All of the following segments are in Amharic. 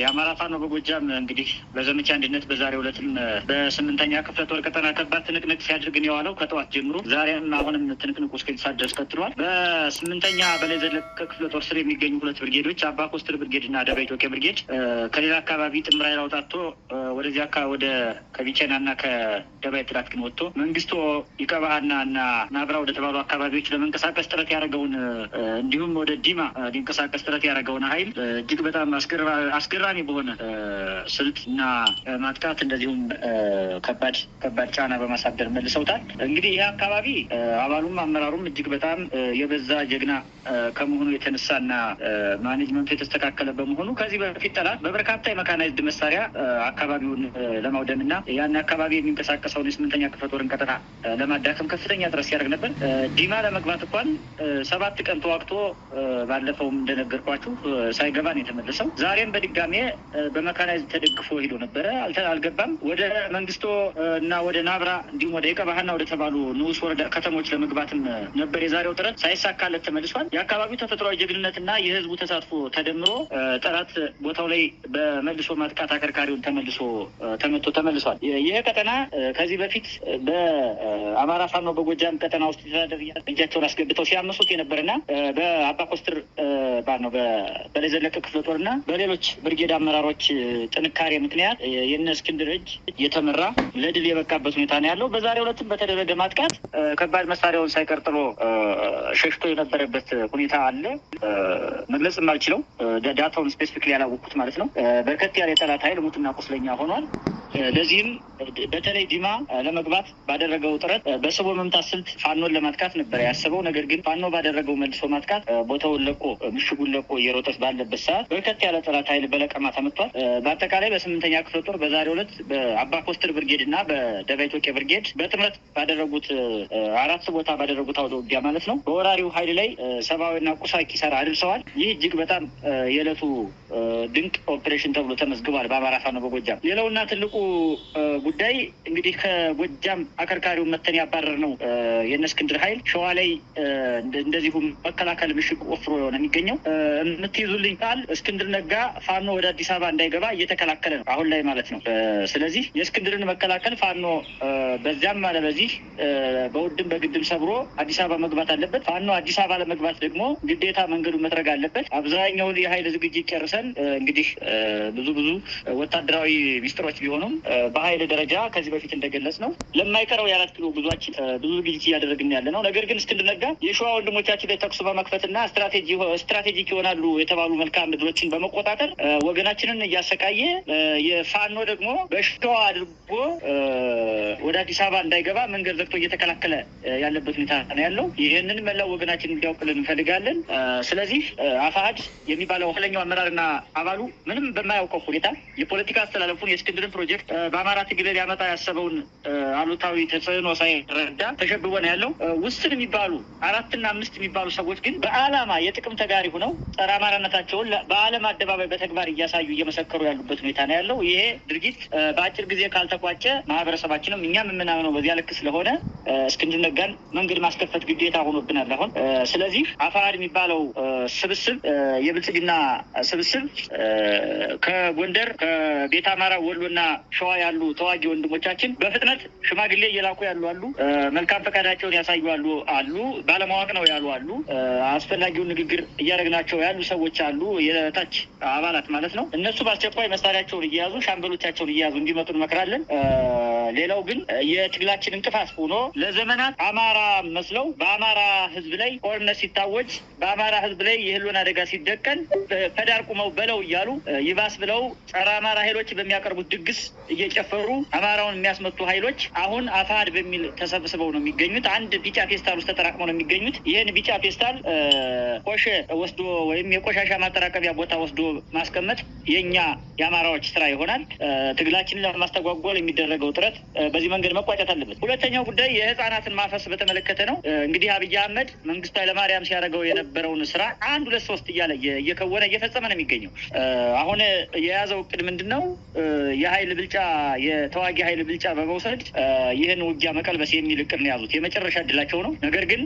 የአማራ ፋኖ በጎጃም እንግዲህ በዘመቻ አንድነት በዛሬው ዕለትም በስምንተኛ ክፍለ ጦር ቀጠና ከባድ ትንቅንቅ ሲያደርግን የዋለው ከጠዋት ጀምሮ ዛሬም አሁንም ትንቅንቁ እስከ ሰዓት ድረስ ቀጥሏል። በስምንተኛ በላይ ዘለቀ ክፍለ ጦር ስር የሚገኙ ሁለት ብርጌዶች አባ ኮስትር ብርጌድ እና ደባ ኢትዮጵያ ብርጌድ ከሌላ አካባቢ ጥምር ኃይል አውጣቶ ወደዚህ አካባቢ ወደ ከቢቸና እና ከደባይ ጥላት ግን ወጥቶ መንግስቶ ይቀባሃና እና ናብራ ወደ ተባሉ አካባቢዎች ለመንቀሳቀስ ጥረት ያደረገውን እንዲሁም ወደ ዲማ ሊንቀሳቀስ ጥረት ያደረገውን ኃይል እጅግ በጣም አስገራ ተፈጻሚ በሆነ ስልት እና ማጥቃት እንደዚሁም ከባድ ከባድ ጫና በማሳደር መልሰውታል። እንግዲህ ይህ አካባቢ አባሉም አመራሩም እጅግ በጣም የበዛ ጀግና ከመሆኑ የተነሳና ማኔጅመንቱ የተስተካከለ በመሆኑ ከዚህ በፊት ጠላት በበርካታ የመካናይዝድ መሳሪያ አካባቢውን ለማውደምና ያን አካባቢ የሚንቀሳቀሰውን የስምንተኛ ክፍለ ጦርን ቀጠና ለማዳከም ከፍተኛ ጥረት ሲያደርግ ነበር። ዲማ ለመግባት እንኳን ሰባት ቀን ተዋግቶ ባለፈውም እንደነገርኳችሁ ሳይገባ ነው የተመለሰው። ዛሬም በድጋሜ በመካናይዝድ ተደግፎ ሄዶ ነበረ፣ አልገባም። ወደ መንግስቶ እና ወደ ናብራ እንዲሁም ወደ የቀባህና ወደ ተባሉ ንዑስ ወረዳ ከተሞች ለመግባትም ነበር የዛሬው ጥረት፣ ሳይሳካለት ተመልሷል። የአካባቢው ተፈጥሯዊ ጀግንነትና የህዝቡ ተሳትፎ ተደምሮ ጠላት ቦታው ላይ በመልሶ ማጥቃት አከርካሪውን ተመልሶ ተመቶ ተመልሷል። ይህ ቀጠና ከዚህ በፊት በአማራ ፋኖ በጎጃም ቀጠና ውስጥ የተዳደር እጃቸውን አስገብተው ሲያመሱት የነበረና በአባ ኮስትር ነው በለዘለቀ ክፍለ ጦርና በሌሎች ብርጌድ አመራሮች ጥንካሬ ምክንያት የነ እስክንድር እጅ እየተመራ ለድል የበቃበት ሁኔታ ነው ያለው። በዛሬ ሁለትም በተደረገ ማጥቃት ከባድ መሳሪያውን ሳይቀርጥሎ ሸሽቶ የነበረበት ሁኔታ አለ። መግለጽ የማልችለው ዳታውን ስፔሲፊክ ያላወቅኩት ማለት ነው። በርከት ያለ የጠላት ኃይል ሙትና ቁስለኛ ሆኗል። ለዚህም በተለይ ዲማ ለመግባት ባደረገው ጥረት በስቦ መምታት ስልት ፋኖን ለማጥቃት ነበር ያሰበው። ነገር ግን ፋኖ ባደረገው መልሶ ማጥቃት ቦታውን ለቆ ምሽጉን ለቆ እየሮጠት ባለበት ሰዓት በርከት ያለ ጠላት ኃይል በለቀማ ተመቷል። በአጠቃላይ በስምንተኛ ክፍለ ጦር በዛሬው ዕለት በአባ ኮስትር ብርጌድ እና በደባ ኢትዮጵያ ብርጌድ በጥምረት ባደረጉት አራት ቦታ ባደረጉት አውደ ውጊያ ማለት ነው በወራሪው ኃይል ላይ ሰብአዊና ቁሳዊ ኪሳራ አድርሰዋል። ይህ እጅግ በጣም የዕለቱ ድንቅ ኦፕሬሽን ተብሎ ተመዝግቧል በአማራ ፋኖ በጎጃም ሌላውና ትልቁ ጉዳይ እንግዲህ ከጎጃም አከርካሪው መተን ያባረር ነው የነ እስክንድር ኃይል ሸዋ ላይ እንደዚሁም መከላከል ምሽግ ቆፍሮ የሆነ የሚገኘው የምትይዙልኝ ቃል እስክንድር ነጋ ፋኖ ወደ አዲስ አበባ እንዳይገባ እየተከላከለ ነው አሁን ላይ ማለት ነው። ስለዚህ የእስክንድርን መከላከል ፋኖ በዚያም አለ በዚህ በውድም በግድም ሰብሮ አዲስ አበባ መግባት አለበት። ፋኖ አዲስ አበባ ለመግባት ደግሞ ግዴታ መንገዱ መጥረግ አለበት። አብዛኛውን የሀይል ዝግጅት ጨርሰን እንግዲህ ብዙ ብዙ ወታደራዊ ሚስጥሮች ቢሆኑ ምክንያቱም በሀይል ደረጃ ከዚህ በፊት እንደገለጽ ነው ለማይቀረው የአራት ኪሎ ጉዟችን ብዙ ዝግጅት እያደረግን ያለ ነው። ነገር ግን እስክንድነጋ የሸዋ ወንድሞቻችን ላይ በመክፈት በመክፈትና ስትራቴጂክ ይሆናሉ የተባሉ መልካም ምድሮችን በመቆጣጠር ወገናችንን እያሰቃየ የፋኖ ደግሞ በሸዋ አድርጎ ወደ አዲስ አበባ እንዳይገባ መንገድ ዘግቶ እየተከላከለ ያለበት ሁኔታ ነው ያለው። ይህንን መላው ወገናችን እንዲያውቅልን እንፈልጋለን። ስለዚህ አፋሀድ የሚባለው ኋለኛው አመራርና አባሉ ምንም በማያውቀው ሁኔታ የፖለቲካ አስተላለፉን የእስክንድርን ፕሮጀክት በአማራ ትግል ሊያመጣ ያሰበውን አሉታዊ ተጽዕኖ ሳይረዳ ተሸብቦ ነው ያለው። ውስን የሚባሉ አራትና አምስት የሚባሉ ሰዎች ግን በአላማ የጥቅም ተጋሪ ሁነው ጸረ አማራነታቸውን በአለም አደባባይ በተግባር እያሳዩ እየመሰከሩ ያሉበት ሁኔታ ነው ያለው። ይሄ ድርጊት በአጭር ጊዜ ካልተቋጨ ማህበረሰባችንም እኛም የምናምነው በዚያ ልክ ስለሆነ እስክንድር ነጋን መንገድ ማስከፈት ግዴታ ሆኖብናል አሁን። ስለዚህ አፋር የሚባለው ስብስብ የብልጽግና ስብስብ ከጎንደር ከቤተ አማራ ወሎና ሸዋ ያሉ ተዋጊ ወንድሞቻችን በፍጥነት ሽማግሌ እየላኩ ያሉ አሉ፣ መልካም ፈቃዳቸውን ያሳዩ አሉ አሉ፣ ባለማወቅ ነው ያሉ አሉ፣ አስፈላጊውን ንግግር እያደረግናቸው ያሉ ሰዎች አሉ፣ የታች አባላት ማለት ነው። እነሱ በአስቸኳይ መሳሪያቸውን እየያዙ ሻምበሎቻቸውን እየያዙ እንዲመጡ እንመክራለን። ሌላው ግን የትግላችን እንቅፋት ሆኖ ለዘመናት አማራ መስለው በአማራ ህዝብ ላይ ጦርነት ሲታወጅ በአማራ ህዝብ ላይ የህልውና አደጋ ሲደቀን ፈዳር ቁመው በለው እያሉ ይባስ ብለው ጸረ አማራ ኃይሎች በሚያቀርቡት ድግስ እየጨፈሩ አማራውን የሚያስመቱ ኃይሎች አሁን አፋድ በሚል ተሰብስበው ነው የሚገኙት። አንድ ቢጫ ፌስታል ውስጥ ተጠራቅመው ነው የሚገኙት። ይህን ቢጫ ፌስታል ቆሸ ወስዶ ወይም የቆሻሻ ማጠራቀቢያ ቦታ ወስዶ ማስቀመጥ የእኛ የአማራዎች ስራ ይሆናል። ትግላችንን ለማስተጓጎል የሚደረገው ጥረት በዚህ መንገድ መቋጨት አለበት። ሁለተኛው ጉዳይ የህፃናትን ማፈስ በተመለከተ ነው። እንግዲህ አብይ አህመድ መንግስቱ ኃይለማርያም ሲያደርገው የነበረውን ስራ አንድ ሁለት ሶስት እያለ እየከወነ እየፈጸመ ነው የሚገኘው። አሁን የያዘው እቅድ ምንድን ነው? የሀይል ብልጫ የተዋጊ ሀይል ብልጫ በመውሰድ ይህን ውጊያ መቀልበስ የሚል እቅድ ነው ያዙት። የመጨረሻ እድላቸው ነው። ነገር ግን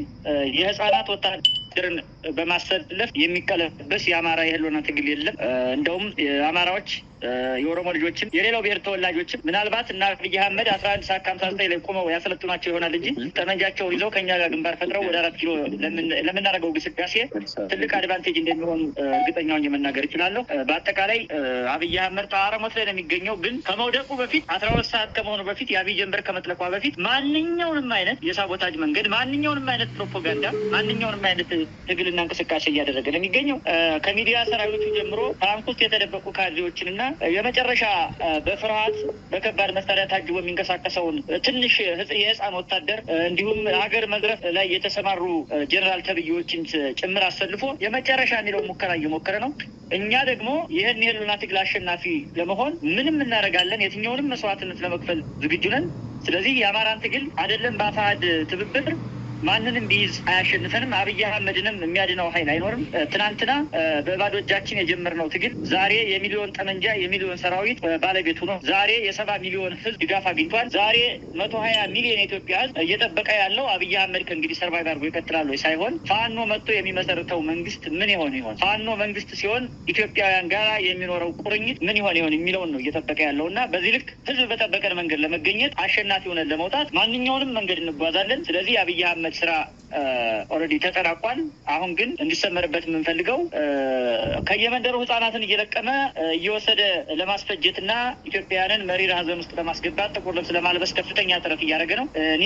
የህፃናት ወታደርን በማሰለፍ የሚቀለበስ የአማራ የህልውና ትግል የለም። እንደውም አማራዎች የኦሮሞ ልጆችም የሌላው ብሔር ተወላጆችም ምናልባት እና አብይ አህመድ አስራ አንድ ሰዓት ከሀምሳ ዘጠኝ ላይ ቆመው ያሰለጥኗቸው ይሆናል እንጂ ጠመንጃቸውን ይዘው ከኛ ጋር ግንባር ፈጥረው ወደ አራት ኪሎ ለምናደርገው ግስጋሴ ትልቅ አድቫንቴጅ እንደሚሆኑ እርግጠኛውን የመናገር ይችላለሁ። በአጠቃላይ አብይ አህመድ ጣረሞት ላይ ነው የሚገኘው። ግን ከመውደቁ በፊት አስራ ሁለት ሰዓት ከመሆኑ በፊት የአብይ ጀንበር ከመጥለቋ በፊት ማንኛውንም አይነት የሳቦታጅ መንገድ፣ ማንኛውንም አይነት ፕሮፓጋንዳ፣ ማንኛውንም አይነት ትግልና እንቅስቃሴ እያደረገ ነው የሚገኘው ከሚዲያ ሰራዊቱ ጀምሮ ታንክ ውስጥ የተደበቁ ካድሬዎችን እና የመጨረሻ በፍርሃት በከባድ መሳሪያ ታጅቦ የሚንቀሳቀሰውን ትንሽ የህፃን ወታደር እንዲሁም ሀገር መዝረፍ ላይ የተሰማሩ ጀኔራል ተብዬዎችን ጭምር አሰልፎ የመጨረሻ የሚለው ሙከራ እየሞከረ ነው። እኛ ደግሞ ይህን የህልና ትግል አሸናፊ ለመሆን ምንም እናደርጋለን፣ የትኛውንም መስዋዕትነት ለመክፈል ዝግጁ ነን። ስለዚህ የአማራን ትግል አይደለም በአፋሀድ ትብብር ማንንም ቢይዝ አያሸንፈንም። አብይ አህመድንም የሚያድነው ኃይል አይኖርም። ትናንትና በባዶ እጃችን የጀመርነው ትግል ዛሬ የሚሊዮን ጠመንጃ የሚሊዮን ሰራዊት ባለቤት ሆኖ ዛሬ የሰባ ሚሊዮን ህዝብ ድጋፍ አግኝቷል። ዛሬ መቶ ሀያ ሚሊዮን የኢትዮጵያ ህዝብ እየጠበቀ ያለው አብይ አህመድ ከእንግዲህ ሰርቫይቭ አድርጎ ይቀጥላሉ ሳይሆን ፋኖ መጥቶ የሚመሰርተው መንግስት ምን ይሆን ይሆን ፋኖ መንግስት ሲሆን ኢትዮጵያውያን ጋራ የሚኖረው ቁርኝት ምን ይሆን ይሆን የሚለውን ነው እየጠበቀ ያለው እና በዚህ ልክ ህዝብ በጠበቀን መንገድ ለመገኘት አሸናፊ ሆነን ለመውጣት ማንኛውንም መንገድ እንጓዛለን። ስለዚህ አብይ አህመድ የጀመርንበት ስራ ኦልሬዲ ተጠናቋል። አሁን ግን እንዲሰመርበት የምንፈልገው ከየመንደሩ ህጻናትን እየለቀመ እየወሰደ ለማስፈጀት ኢትዮጵያውያንን መሪር ሀዘን ውስጥ ለማስገባት ጥቁር ልብስ ለማልበስ ከፍተኛ ጥረት እያደረገ ነው። እኔ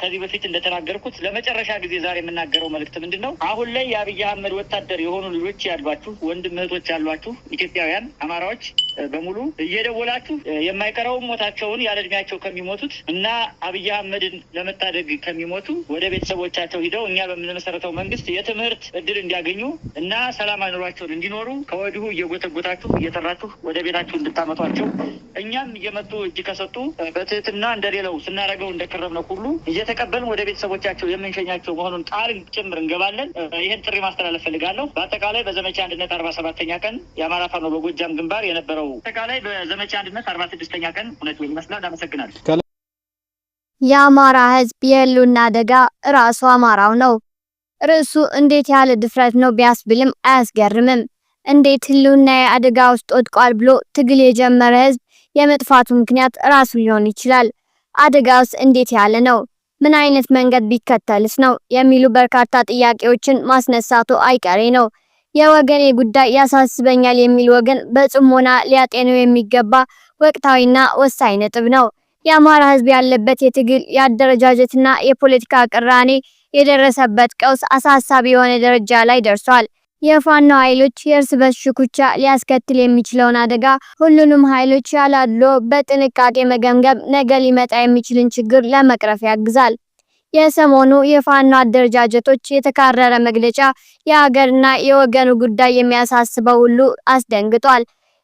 ከዚህ በፊት እንደተናገርኩት ለመጨረሻ ጊዜ ዛሬ የምናገረው መልእክት ምንድን ነው? አሁን ላይ የአብይ አህመድ ወታደር የሆኑ ልጆች ያሏችሁ ወንድም እህቶች ያሏችሁ ኢትዮጵያውያን አማራዎች በሙሉ እየደወላችሁ የማይቀረው ሞታቸውን ያለ እድሜያቸው ከሚሞቱት እና አብይ አህመድን ለመታደግ ከሚሞቱ ወደ ቤተሰቦቻቸው ሂደው እኛ በምንመሰረተው መንግስት የትምህርት እድል እንዲያገኙ እና ሰላም አኑሯቸውን እንዲኖሩ ከወዲሁ እየጎተጎታችሁ እየጠራችሁ ወደ ቤታችሁ እንድታመጧቸው እኛም እየመጡ እጅ ከሰጡ በትህትና እንደሌለው ስናደርገው እንደከረምነው ሁሉ እየተቀበልን ወደ ቤተሰቦቻቸው የምንሸኛቸው መሆኑን ቃል ጭምር እንገባለን። ይህን ጥሪ ማስተላለፍ ፈልጋለሁ። በአጠቃላይ በዘመቻ አንድነት አርባ ሰባተኛ ቀን የአማራ ፋኖ በጎጃም ግንባር የነበረው ነው። አጠቃላይ በዘመቻ አንድነት አርባ ስድስተኛ ቀን እውነቱ ይመስላል። አመሰግናለሁ። የአማራ ህዝብ የህልውና አደጋ ራሱ አማራው ነው። ርዕሱ እንዴት ያለ ድፍረት ነው ቢያስብልም አያስገርምም። እንዴት ህልውና የአደጋ ውስጥ ወድቋል ብሎ ትግል የጀመረ ህዝብ የመጥፋቱ ምክንያት ራሱ ሊሆን ይችላል። አደጋውስ እንዴት ያለ ነው? ምን አይነት መንገድ ቢከተልስ ነው የሚሉ በርካታ ጥያቄዎችን ማስነሳቱ አይቀሬ ነው። የወገኔ ጉዳይ ያሳስበኛል የሚል ወገን በጽሞና ሊያጤነው የሚገባ ወቅታዊና ወሳኝ ነጥብ ነው። የአማራ ሕዝብ ያለበት የትግል የአደረጃጀትና የፖለቲካ ቅራኔ የደረሰበት ቀውስ አሳሳቢ የሆነ ደረጃ ላይ ደርሷል። የፋኖ ኃይሎች የእርስ በርስ ሽኩቻ ሊያስከትል የሚችለውን አደጋ ሁሉንም ኃይሎች ያላድሎ በጥንቃቄ መገምገም ነገ ሊመጣ የሚችልን ችግር ለመቅረፍ ያግዛል። የሰሞኑ የፋኖ አደረጃጀቶች የተካረረ መግለጫ የሀገርና የወገኑ ጉዳይ የሚያሳስበው ሁሉ አስደንግጧል።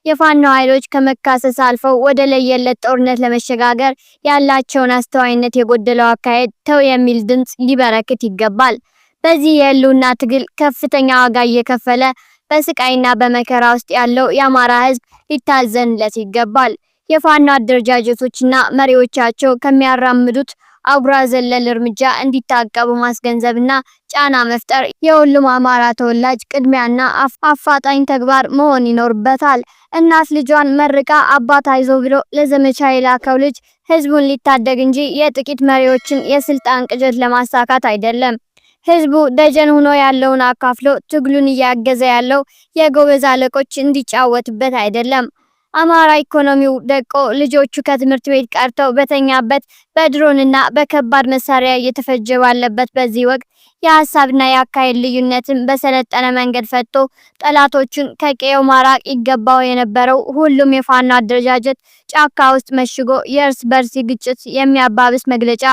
የፋኖ ኃይሎች ከመካሰስ አልፈው ወደ ለየለት ጦርነት ለመሸጋገር ያላቸውን አስተዋይነት የጎደለው አካሄድ ተው የሚል ድምፅ ሊበረክት ይገባል። በዚህ የህልውና ትግል ከፍተኛ ዋጋ እየከፈለ በስቃይና በመከራ ውስጥ ያለው የአማራ ህዝብ ሊታዘንለት ይገባል። የፋኖ አደረጃጀቶችና መሪዎቻቸው ከሚያራምዱት አጉራ ዘለል እርምጃ እንዲታቀቡ ማስገንዘብና ጫና መፍጠር የሁሉም አማራ ተወላጅ ቅድሚያና አፋጣኝ ተግባር መሆን ይኖርበታል። እናት ልጇን መርቃ አባት አይዞ ብሎ ለዘመቻ የላከው ልጅ ህዝቡን ሊታደግ እንጂ የጥቂት መሪዎችን የስልጣን ቅጀት ለማሳካት አይደለም። ህዝቡ ደጀን ሆኖ ያለውን አካፍሎ ትግሉን እያገዘ ያለው የጎበዝ አለቆች እንዲጫወትበት አይደለም። አማራ ኢኮኖሚው ደቆ ልጆቹ ከትምህርት ቤት ቀርተው በተኛበት በድሮንና በከባድ መሳሪያ እየተፈጀ ባለበት በዚህ ወቅት የሀሳብና የአካሄድ ልዩነትን በሰለጠነ መንገድ ፈቶ ጠላቶቹን ከቀየው ማራቅ ይገባው የነበረው ሁሉም የፋኖ አደረጃጀት ጫካ ውስጥ መሽጎ የእርስ በርስ ግጭት የሚያባብስ መግለጫ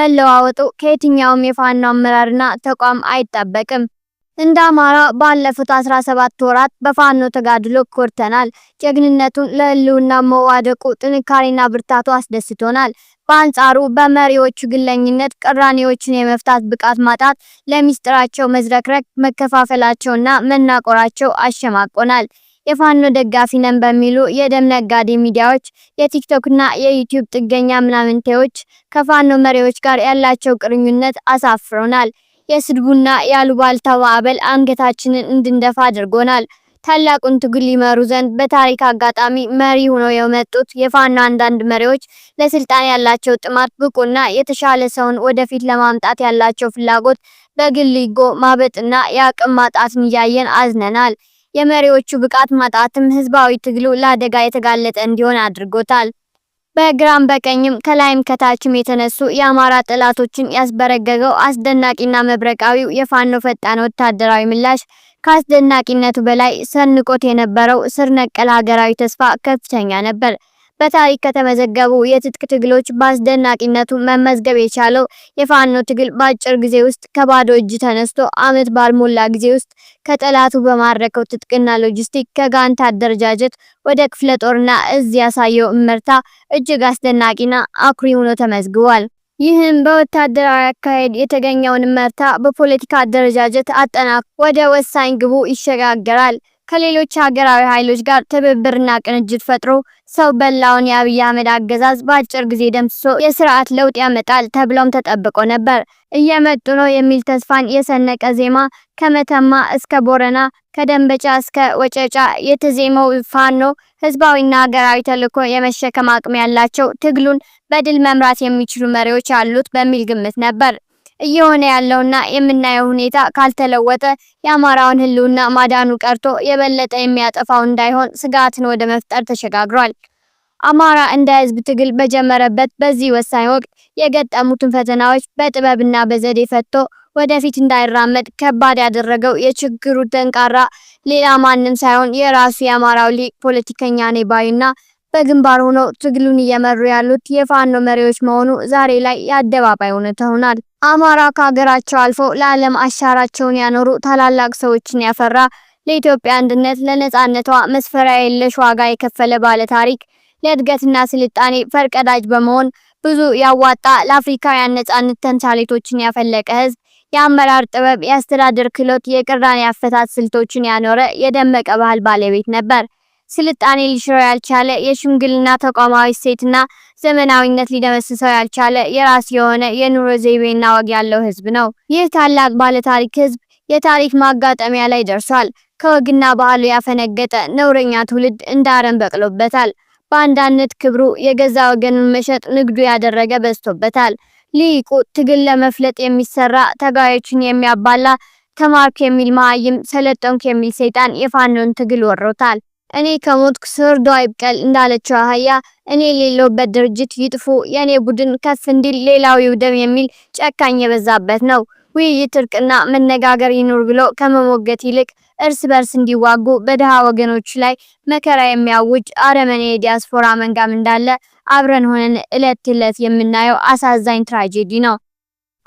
መለዋወጡ ከየትኛውም የፋኖ አመራርና ተቋም አይጠበቅም። እንደ አማራ ባለፉት 17 ወራት በፋኖ ተጋድሎ ኮርተናል። ጀግንነቱን ለህልውና መዋደቁ ጥንካሬና ብርታቱ አስደስቶናል። በአንጻሩ በመሪዎቹ ግለኝነት ቅራኔዎችን የመፍታት ብቃት ማጣት፣ ለሚስጥራቸው መዝረክረክ፣ መከፋፈላቸውና መናቆራቸው አሸማቆናል። የፋኖ ደጋፊ ነን በሚሉ የደም ነጋዴ ሚዲያዎች፣ የቲክቶክና የዩቲዩብ ጥገኛ ምናምንቴዎች ከፋኖ መሪዎች ጋር ያላቸው ቅርኙነት አሳፍሮናል። የስድቡና የአሉባልታ ማዕበል አንገታችንን እንድንደፋ አድርጎናል። ታላቁን ትግል ይመሩ ዘንድ በታሪክ አጋጣሚ መሪ ሆነው የመጡት የፋኖ አንዳንድ መሪዎች ለስልጣን ያላቸው ጥማት፣ ብቁና የተሻለ ሰውን ወደፊት ለማምጣት ያላቸው ፍላጎት በግል ሊጎ ማበጥና የአቅም ማጣትን እያየን አዝነናል። የመሪዎቹ ብቃት ማጣትም ህዝባዊ ትግሉ ለአደጋ የተጋለጠ እንዲሆን አድርጎታል። በግራም በቀኝም ከላይም ከታችም የተነሱ የአማራ ጠላቶችን ያስበረገገው አስደናቂና መብረቃዊው የፋኖ ፈጣን ወታደራዊ ምላሽ ከአስደናቂነቱ በላይ ሰንቆት የነበረው ስር ነቀል ሀገራዊ ተስፋ ከፍተኛ ነበር። በታሪክ ከተመዘገቡ የትጥቅ ትግሎች በአስደናቂነቱ መመዝገብ የቻለው የፋኖ ትግል በአጭር ጊዜ ውስጥ ከባዶ እጅ ተነስቶ ዓመት ባልሞላ ጊዜ ውስጥ ከጠላቱ በማረከው ትጥቅና ሎጂስቲክ ከጋንታ አደረጃጀት ወደ ክፍለ ጦርና እዝ ያሳየው እመርታ እጅግ አስደናቂና አኩሪ ሆኖ ተመዝግቧል። ይህም በወታደራዊ አካሄድ የተገኘውን እመርታ በፖለቲካ አደረጃጀት አጠናክ ወደ ወሳኝ ግቡ ይሸጋገራል። ከሌሎች ሀገራዊ ኃይሎች ጋር ትብብርና ቅንጅት ፈጥሮ ሰው በላውን የአብይ አህመድ አገዛዝ በአጭር ጊዜ ደምስሶ የስርዓት ለውጥ ያመጣል ተብሎም ተጠብቆ ነበር። እየመጡ ነው የሚል ተስፋን የሰነቀ ዜማ ከመተማ እስከ ቦረና፣ ከደንበጫ እስከ ወጨጫ የተዜመው ፋኖ ህዝባዊና ሀገራዊ ተልዕኮ የመሸከም አቅም ያላቸው፣ ትግሉን በድል መምራት የሚችሉ መሪዎች አሉት በሚል ግምት ነበር። እየሆነ ያለውና የምናየው ሁኔታ ካልተለወጠ የአማራውን ህልውና ማዳኑ ቀርቶ የበለጠ የሚያጠፋው እንዳይሆን ስጋትን ወደ መፍጠር ተሸጋግሯል። አማራ እንደ ህዝብ ትግል በጀመረበት በዚህ ወሳኝ ወቅት የገጠሙትን ፈተናዎች በጥበብና በዘዴ ፈቶ ወደፊት እንዳይራመድ ከባድ ያደረገው የችግሩ ጠንካራ ሌላ ማንም ሳይሆን የራሱ የአማራው ሊቅ ፖለቲከኛ ነኝ ባይና በግንባር ሆነው ትግሉን እየመሩ ያሉት የፋኖ መሪዎች መሆኑ ዛሬ ላይ የአደባባይ እውነት ሆኗል። አማራ ከሀገራቸው አልፎ ለዓለም አሻራቸውን ያኖሩ ታላላቅ ሰዎችን ያፈራ ለኢትዮጵያ አንድነት ለነጻነቷ መስፈሪያ የለሽ ዋጋ የከፈለ ባለ ታሪክ ለእድገትና ስልጣኔ ፈርቀዳጅ በመሆን ብዙ ያዋጣ ለአፍሪካውያን ነጻነት ተምሳሌቶችን ያፈለቀ ህዝብ፣ የአመራር ጥበብ፣ የአስተዳደር ክህሎት፣ የቅራኔ አፈታት ስልቶችን ያኖረ የደመቀ ባህል ባለቤት ነበር። ስልጣኔ ሊሽረው ያልቻለ የሽምግልና ተቋማዊ እሴትና ዘመናዊነት ሊደመስሰው ያልቻለ የራስ የሆነ የኑሮ ዘይቤና ወግ ያለው ህዝብ ነው። ይህ ታላቅ ባለታሪክ ህዝብ የታሪክ ማጋጠሚያ ላይ ደርሷል። ከወግና ባህሉ ያፈነገጠ ነውረኛ ትውልድ እንደ አረም በቅሎበታል። በአንዳነት ክብሩ የገዛ ወገኑን መሸጥ ንግዱ ያደረገ በዝቶበታል። ሊቁ ትግል ለመፍለጥ የሚሰራ ተጋዮችን የሚያባላ ተማርክ የሚል መሃይም ሰለጠንኩ የሚል ሰይጣን የፋኖን ትግል ወሮታል። እኔ ከሞትኩ እርዶ አይብቀል እንዳለችው አህያ እኔ የሌለሁበት ድርጅት ይጥፉ፣ የእኔ ቡድን ከፍ እንዲል ሌላው ይውደም የሚል ጨካኝ የበዛበት ነው። ውይይት፣ እርቅና መነጋገር ይኑር ብሎ ከመሞገት ይልቅ እርስ በርስ እንዲዋጉ በድሃ ወገኖች ላይ መከራ የሚያውጅ አረመኔ የዲያስፖራ መንጋም እንዳለ አብረን ሆነን እለት እለት የምናየው አሳዛኝ ትራጀዲ ነው።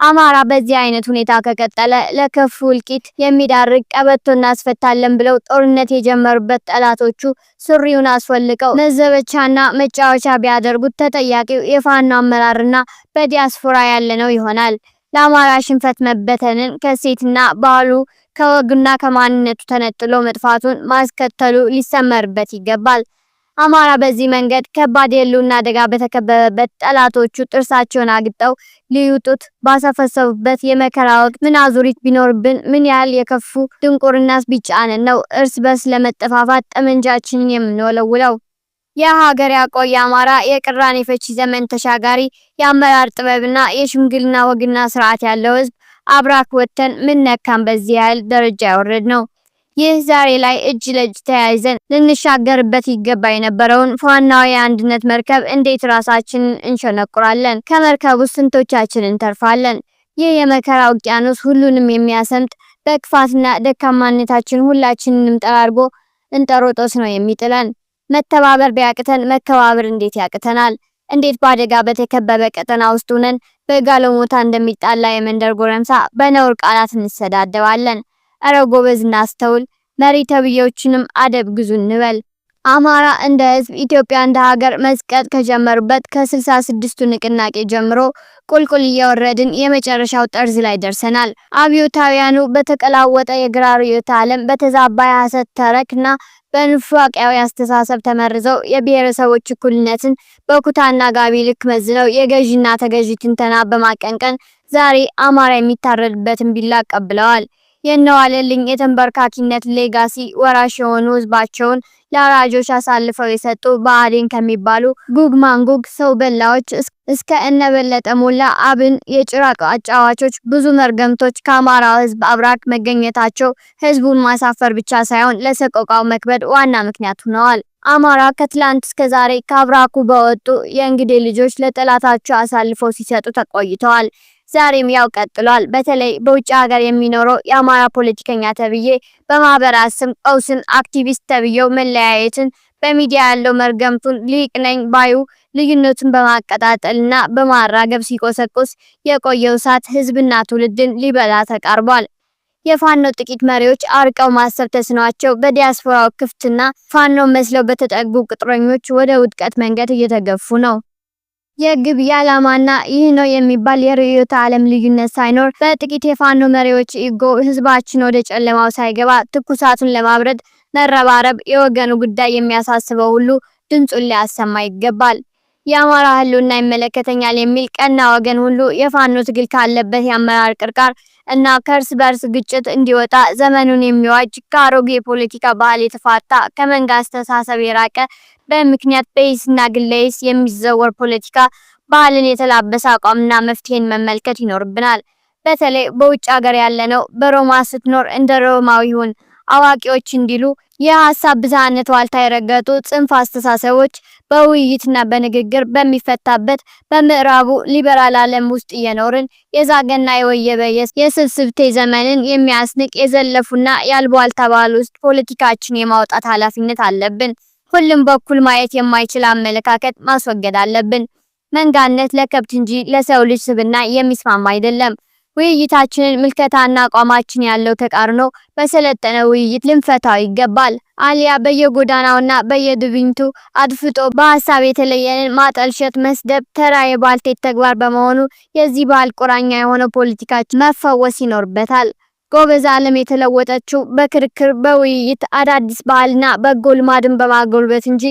አማራ በዚህ አይነት ሁኔታ ከቀጠለ ለከፉ እልቂት የሚዳርግ ቀበቶ እናስፈታለን ብለው ጦርነት የጀመሩበት ጠላቶቹ ሱሪውን አስወልቀው መዘበቻና መጫወቻ ቢያደርጉት ተጠያቂው የፋኖ አመራርና በዲያስፖራ ያለነው ይሆናል። ለአማራ ሽንፈት መበተንን ከሴትና ባህሉ ከወግና ከማንነቱ ተነጥሎ መጥፋቱን ማስከተሉ ሊሰመርበት ይገባል። አማራ በዚህ መንገድ ከባድ የሕልውና አደጋ በተከበበበት ጠላቶቹ ጥርሳቸውን አግጠው ልዩ ባሰፈሰቡበት የመከራ ወቅት ምን አዙሪት ቢኖርብን ምን ያህል የከፉ ድንቁርናስ ቢጫንን ነው እርስ በርስ ለመጠፋፋት ጠመንጃችንን የምንወለውለው። የሀገር ያቆየ አማራ የቅራኔ ፈቺ ዘመን ተሻጋሪ የአመራር ጥበብና የሽምግልና ወግና ስርዓት ያለው ህዝብ አብራክ ወተን ምን ነካም በዚህ ያህል ደረጃ ያወረድ ነው። ይህ ዛሬ ላይ እጅ ለእጅ ተያይዘን ልንሻገርበት ይገባ የነበረውን ፋናዊ የአንድነት መርከብ እንዴት ራሳችንን እንሸነቁራለን? ከመርከቡ ስንቶቻችን እንተርፋለን? ይህ የመከራ ውቅያኖስ ሁሉንም የሚያሰምጥ በክፋትና ደካማነታችን ሁላችንንም ጠራርጎ እንጠሮጦስ ነው የሚጥለን። መተባበር ቢያቅተን መከባበር እንዴት ያቅተናል? እንዴት በአደጋ በተከበበ ቀጠና ውስጥ ሆነን በጋለሞታ እንደሚጣላ የመንደር ጎረምሳ በነውር ቃላት እንሰዳደባለን? እረ ጎበዝ እናስተውል። መሪ ተብዬዎችንም አደብ ግዙ እንበል። አማራ እንደ ህዝብ ኢትዮጵያ እንደ ሀገር መስቀል ከጀመሩበት ከስልሳ ስድስቱ ንቅናቄ ጀምሮ ቁልቁል እየወረድን የመጨረሻው ጠርዝ ላይ ደርሰናል። አብዮታውያኑ በተቀላወጠ የግራ ርዕዮተ ዓለም በተዛባ የሐሰት ተረክና በንፋቂያዊ አስተሳሰብ ተመርዘው የብሔረሰቦች እኩልነትን በኩታና ጋቢ ልክ መዝነው የገዢና ተገዢ ትንተና በማቀንቀን ዛሬ አማራ የሚታረድበትን ቢላ ቀብለዋል። የነዋለልኝ የተንበርካኪነት ሌጋሲ ወራሽ የሆኑ ህዝባቸውን ለአራጆች አሳልፈው የሰጡ ብአዴን ከሚባሉ ጉግ ማንጉግ ሰው በላዎች እስከ እነበለጠ ሞላ አብን የጭራቅ አጫዋቾች ብዙ መርገምቶች ከአማራ ህዝብ አብራክ መገኘታቸው ህዝቡን ማሳፈር ብቻ ሳይሆን ለሰቆቃው መክበድ ዋና ምክንያት ሆነዋል። አማራ ከትላንት እስከ ዛሬ ከአብራኩ በወጡ የእንግዴ ልጆች ለጠላታቸው አሳልፈው ሲሰጡ ተቆይተዋል። ዛሬም ያው ቀጥሏል። በተለይ በውጭ ሀገር የሚኖረው የአማራ ፖለቲከኛ ተብዬ በማህበራት ስም ቀውስን፣ አክቲቪስት ተብዬው መለያየትን፣ በሚዲያ ያለው መርገምቱን፣ ሊቅነኝ ነኝ ባዩ ልዩነቱን በማቀጣጠልና በማራገብ ሲቆሰቁስ የቆየው እሳት ህዝብና ትውልድን ሊበላ ተቃርቧል። የፋኖ ጥቂት መሪዎች አርቀው ማሰብ ተስኗቸው በዲያስፖራው ክፍትና ፋኖ መስለው በተጠጉ ቅጥረኞች ወደ ውድቀት መንገድ እየተገፉ ነው። የግብ ዓላማና ይህ ነው የሚባል የርዕዮተ ዓለም ልዩነት ሳይኖር በጥቂት የፋኖ መሪዎች ኢጎ ህዝባችን ወደ ጨለማው ሳይገባ ትኩሳቱን ለማብረድ መረባረብ፣ የወገኑ ጉዳይ የሚያሳስበው ሁሉ ድምፁን ሊያሰማ ይገባል። የአማራ ህልውና ይመለከተኛል የሚል ቀና ወገን ሁሉ የፋኖ ትግል ካለበት የአመራር ቅርቃር እና ከእርስ በርስ ግጭት እንዲወጣ ዘመኑን የሚዋጅ ከአሮጌ የፖለቲካ ባህል የተፋታ ከመንጋ አስተሳሰብ የራቀ በምክንያት በይስና ግለይስ የሚዘወር ፖለቲካ ባህልን የተላበሰ አቋምና መፍትሄን መመልከት ይኖርብናል። በተለይ በውጭ ሀገር ያለነው በሮማ ስትኖር እንደ ሮማዊ ይሁን አዋቂዎች እንዲሉ የሀሳብ ብዝሃነት ዋልታ የረገጡ ጽንፍ አስተሳሰቦች በውይይትና በንግግር በሚፈታበት በምዕራቡ ሊበራል ዓለም ውስጥ እየኖርን የዛገና የወየበ የስብስብቴ ዘመንን የሚያስንቅ የዘለፉና ያልቧልታ ባህል ውስጥ ፖለቲካችን የማውጣት ኃላፊነት አለብን። ሁሉም በኩል ማየት የማይችል አመለካከት ማስወገድ አለብን። መንጋነት ለከብት እንጂ ለሰው ልጅ ስብና የሚስማማ አይደለም። ውይይታችንን ምልከታና አቋማችን ያለው ተቃርኖ በሰለጠነ ውይይት ልንፈታው ይገባል። አሊያ በየጎዳናውና በየድብኝቱ አድፍጦ በሀሳብ የተለየንን ማጠልሸት፣ መስደብ ተራ የባልቴት ተግባር በመሆኑ የዚህ ባህል ቁራኛ የሆነው ፖለቲካችን መፈወስ ይኖርበታል። ጎበዝ ዓለም የተለወጠችው በክርክር በውይይት አዳዲስ ባህልና በጎ ልማድን በማጎልበት እንጂ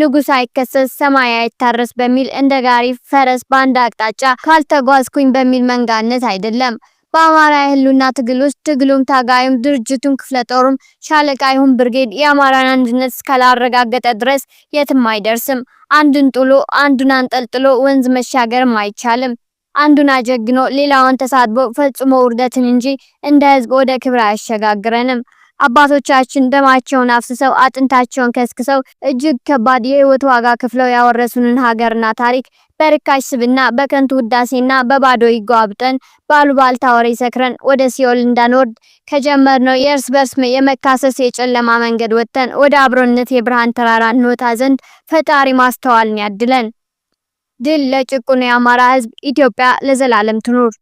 ንጉሥ አይከሰስ ሰማይ አይታረስ በሚል እንደ ጋሪ ፈረስ በአንድ አቅጣጫ ካልተጓዝኩኝ በሚል መንጋነት አይደለም። በአማራ የህልውና ትግል ውስጥ ትግሉም ታጋዩም ድርጅቱም ክፍለ ጦሩም ሻለቃ ይሁን ብርጌድ የአማራን አንድነት እስካላረጋገጠ ድረስ የትም አይደርስም። አንድን ጥሎ አንዱን አንጠልጥሎ ወንዝ መሻገርም አይቻልም። አንዱን አጀግኖ ሌላውን ተሳድቦ ፈጽሞ ውርደትን እንጂ እንደ ህዝብ ወደ ክብር አያሸጋግረንም። አባቶቻችን ደማቸውን አፍስሰው አጥንታቸውን ከስክሰው እጅግ ከባድ የህይወት ዋጋ ክፍለው ያወረሱንን ሀገርና ታሪክ በርካሽ ስብና በከንቱ ውዳሴና በባዶ ይጓብጠን ባሉባልታ ወሬ ሰክረን ወደ ሲኦል እንዳንወርድ ከጀመርነው የእርስ በርስ የመካሰስ የጨለማ መንገድ ወጥተን ወደ አብሮነት የብርሃን ተራራ እንወጣ ዘንድ ፈጣሪ ማስተዋልን ያድለን። ድል ለጭቁን የአማራ ህዝብ ኢትዮጵያ ለዘላለም ትኑር!